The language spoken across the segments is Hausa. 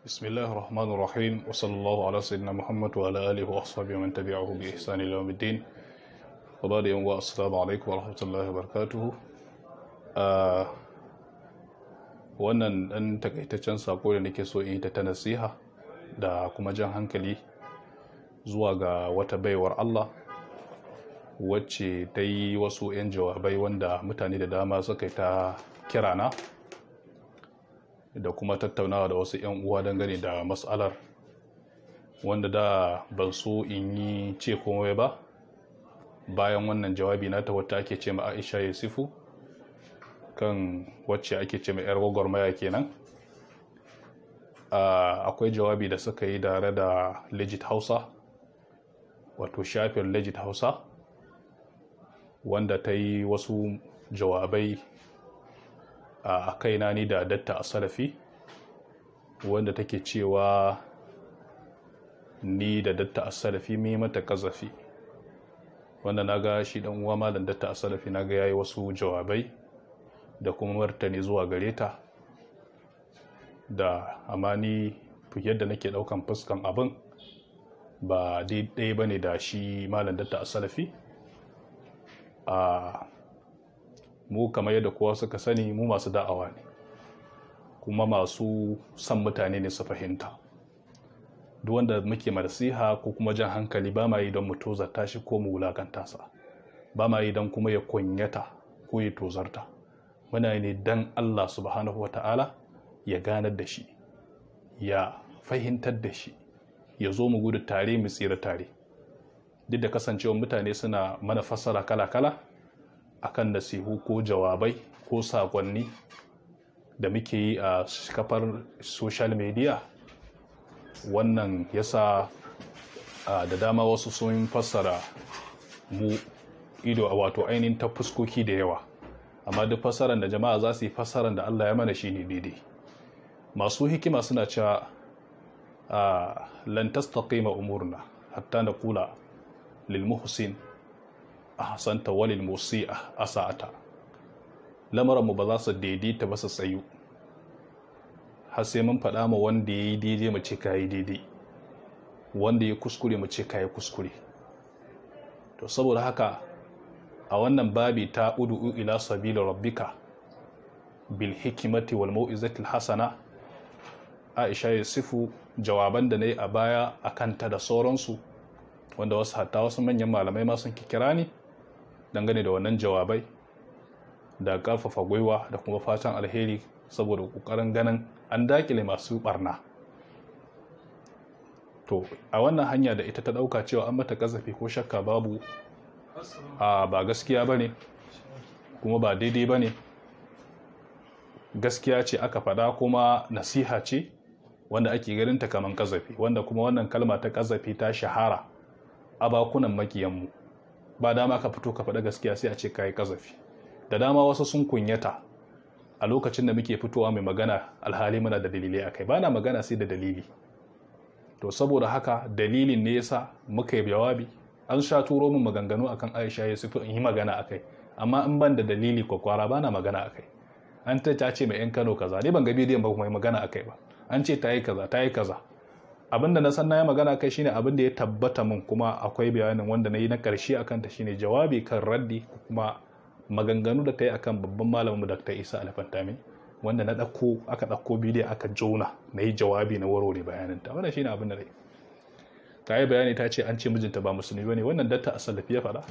بسم الله الرحمن الرحيم وصلى الله على سيدنا محمد وعلى آله وأصحابه ومن تبعه بإحسان إلى يوم الدين وبعد يوم السلام عليكم الله وبركاته wannan ɗan takaitaccen sako da nake so in yi ta ta nasiha da kuma jan hankali zuwa ga wata baiwar Allah wacce ta yi wasu 'yan jawabai wanda mutane da dama suka yi ta kirana da kuma tattaunawa da wasu 'yan uwa dangane da matsalar wanda da ban so in yi ce komai ba bayan wannan jawabi na ta wata ake ce ma aisha yasifu kan wacce ake ce ma 'yar gwagwarmaya kenan akwai jawabi da suka yi tare da legit hausa wato shafin legit hausa wanda ta yi wasu jawabai a kaina ni da datta a salafi wanda take cewa ni da datta a salafi mai mata kazafi wanda na ga shi dan uwa malam datta a salafi na ga yayi wasu jawabai da kuma martani zuwa gare ta da amani yadda nake daukan fuskan abin ba daidai ne da shi malam datta a salafi a mu kamar yadda kowa suka sani mu masu da'awa ne kuma masu son mutane ne su fahimta duk wanda muke marsiha ko kuma jan hankali ba ma yi don mu tozarta shi ko mu wulakanta sa ba ma yi don kuma ya kunyata ko ya tozarta muna ne don Allah subhanahu wata'ala ya ganar da shi ya fahimtar da shi ya zo mu gudu tare mu tsira tare duk da kasancewa mutane suna mana fassara kala-kala akan nasihu ko jawabai ko sakonni da muke yi a kafar social media wannan yasa da dama wasu sun fassara mu ido a wato ainihin ta fuskoki da yawa amma duk fassarar da jama'a za su yi fassarar da Allah ya mana shi ne daidai masu hikima suna cewa lan kaima umurna hatta kula lil muhsin ahsanta walil a asa'ata lamarin mu ba za su daidaita ba su tsayu har sai mun faɗa ma wanda yayi daidai mu ce kai daidai wanda ya kuskure mu ce kai kuskure to saboda haka a wannan babi ta udu ila sabila rabbika bil hikimati wal mau'izatil hasana Aisha ya sifu jawaban da na yi a baya a kanta da sauransu wanda wasu hatta wasu manyan malamai ma sun kikira ni dangane da wannan jawabai da karfafa gwiwa da kuma fatan alheri saboda ƙoƙarin ganin an dakile masu barna to a wannan hanya da ita ta ɗauka cewa an mata ƙazafi ko shakka babu a ba gaskiya bane kuma ba daidai bane. gaskiya ce aka faɗa kuma nasiha ce wanda ake ganin ta kaman kazafi wanda kuma wannan kalma ta ƙazafi ta shahara a bakunan makiyanmu ba dama ka fito ka faɗa gaskiya sai a ce ka yi da dama wasu sun kunyata a lokacin da muke fitowa mai magana alhali muna da dalilai akai ba na magana sai da dalili to saboda haka dalilin ne yasa muka yi jawabi an sha turo min maganganu akan aisha ya sufi in yi magana akai amma in ban da dalili kwakwara ba na magana akai an ta ce mai yan kano kaza ne ban ga bidiyon ba kuma yi magana akai ba an ce ta yi kaza ta yi kaza abin da na san na yi magana kai shine abin da ya tabbata min kuma akwai bayanin wanda na yi na karshe akan ta shine jawabi kan raddi kuma maganganu da ta yi akan babban malamin Dr. Isa Alfantami wanda na ɗauko aka ɗauko bidiyo aka jona na yi jawabi na warware bayanin ta wannan shine abin da na ta yi bayani ta ce an ce mijinta ba musulmi bane wannan datta asalafi ya faɗa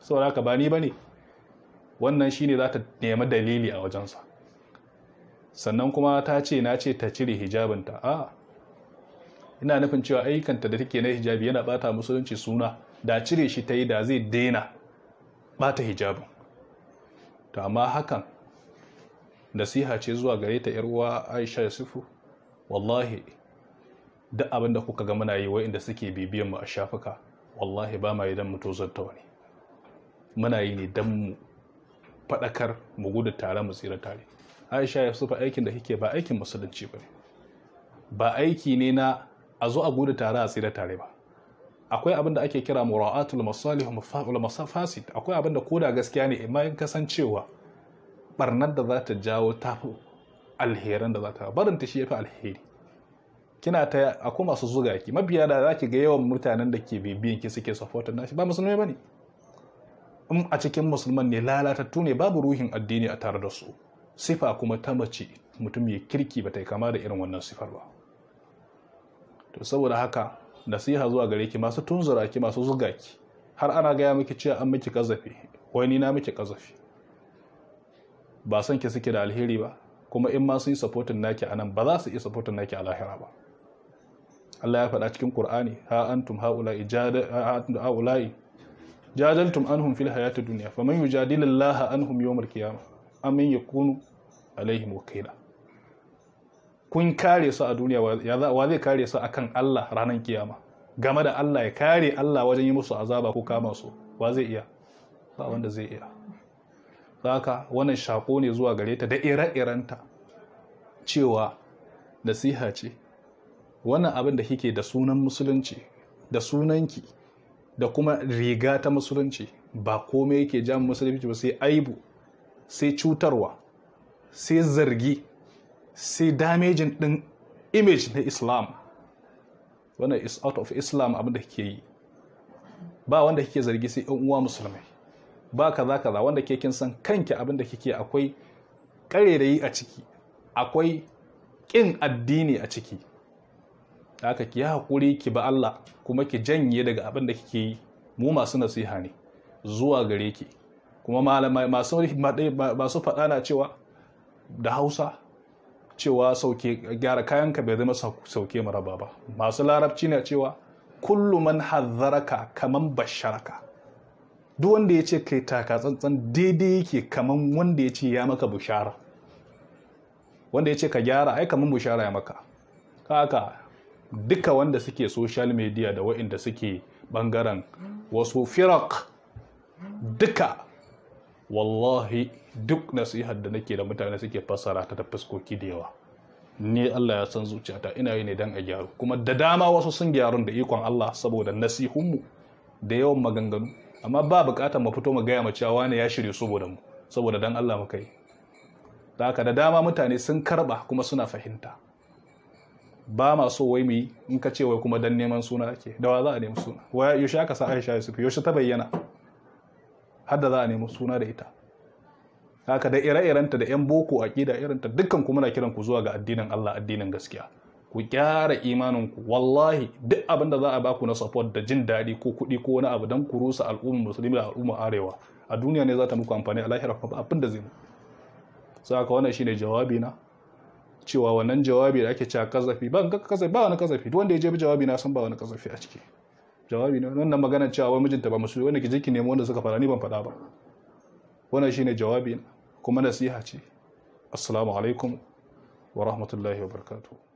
saboda haka ba ni bane wannan shine za ta nemi dalili a wajensa sannan kuma ta ce na ce ta cire hijabinta a ina nufin cewa ayyukanta da take na hijabi yana bata musulunci suna da cire shi ta yi da zai daina bata hijabin to amma hakan nasiha ce zuwa gare ta yar uwa Aisha Yusufu wallahi duk abin kuka ga muna yi wa'inda suke bibiyan mu a shafuka wallahi ba ma idan mu tozarta wani muna yi ne dan mu faɗakar mu gudu tare mu tsira tare Aisha Yusufu aikin da kike ba aikin musulunci bane ba aiki ne na a zo a gudu tare a tsira tare ba akwai abin da ake kira mura'atul masalih mafa'ul masafasid akwai abin da koda gaskiya ne amma in kasancewa barnar da za ta jawo tafi alheran da za ta barin ta shi yafi alheri kina ta akwai masu zuga ki mabiya da zaki ga yawan mutanen da ke bibiyan ki suke supportin nashi ba musulmai bane in a cikin musulman ne lalatattu ne babu ruhin addini a tare da su sifa kuma ta mace mutum ya kirki ba ta kama da irin wannan sifar ba to saboda haka nasiha zuwa gare ki masu tunzura ki masu zuga ki har ana gaya miki cewa an miki kazafi wai ni na miki kazafi ba san ki suke da alheri ba kuma in ma sun yi supportin naki anan ba za su yi supportin naki a lahira ba Allah ya faɗa cikin Qur'ani ha antum haula'i haula'i jadaltum anhum fil hayati dunya faman yujadilu Allah anhum al qiyamah am yakunu alaihim wakila kun kare su a duniya wa zai kare su akan Allah ranar kiyama game da Allah ya kare Allah wajen yi musu azaba ko kama su wa zai iya ba wanda zai iya haka wannan shako ne zuwa gare ta da ire-irenta cewa nasiha ce wannan abin da kike da sunan musulunci da sunanki da kuma riga ta musulunci ba komai yake jami musulunci ba sai aibu sai cutarwa sai zargi sai damejin ɗin image na islam wannan is out of islam abinda kike yi ba wanda kike zargi sai yan uwa musulmai ba kaza kaza wanda ke kin san kanki abinda kike akwai karerayi a ciki akwai kin addini a ciki aka ki hakuri ki ba Allah kuma ki janye daga abin da kike yi mu masu nasiha ne zuwa gare ki kuma malamai masu masu faɗa na cewa da Hausa cewa sauke gyara kayanka bai zama sauke maraba ba masu larabci ne cewa kullu man hazzaraka kaman basharaka duk wanda ya ce kai taka tsantsan daidai yake kaman wanda ya ce ya maka bushara wanda ya ce ka gyara ai kaman bushara ya maka kaka duka wanda suke social media da wa'inda suke bangaren wasu firak duka wallahi duk nasihar da nake da mutane suke fassara ta ta fuskoki da yawa ni Allah ya san zuciyata ina yi ne dan a gyaru kuma da dama wasu sun gyaru da ikon Allah saboda nasihunmu da yawan maganganu amma ba bukatar mu fito mu gaya mace cewa ne ya shirye saboda mu saboda dan Allah mu kai da haka da dama mutane sun karba kuma suna fahimta ba ma so wai mu yi in ka ce wai kuma dan neman suna ake da wa za a nemi suna yaushe aka sa Aisha Yusuf yaushe ta bayyana hadda za a nemi suna da ita haka da ire-irenta da 'yan boko a aƙida irinta dukkan kuma na kiran ku zuwa ga addinin Allah addinin gaskiya ku gyara imaninku wallahi duk abin da za a baku na support da jin daɗi ko kuɗi ko wani abu don ku rusa al'ummar musulmi da al'ummar arewa a duniya ne za ta muku amfani a lahira kuma abin da zai mu sai aka wannan shine jawabi na cewa wannan jawabi da ake cewa kazafi ba wani kazafi duk wanda ya je jawabi na san ba wani kazafi a ciki jawabi ne wannan magana cewa wai mijinta ba musulmi wanda ki je ki nemo wanda suka fara ni ban faɗa ba wannan shine jawabi kuma nasiha ce assalamu alaikum wa rahmatullahi wa barakatuh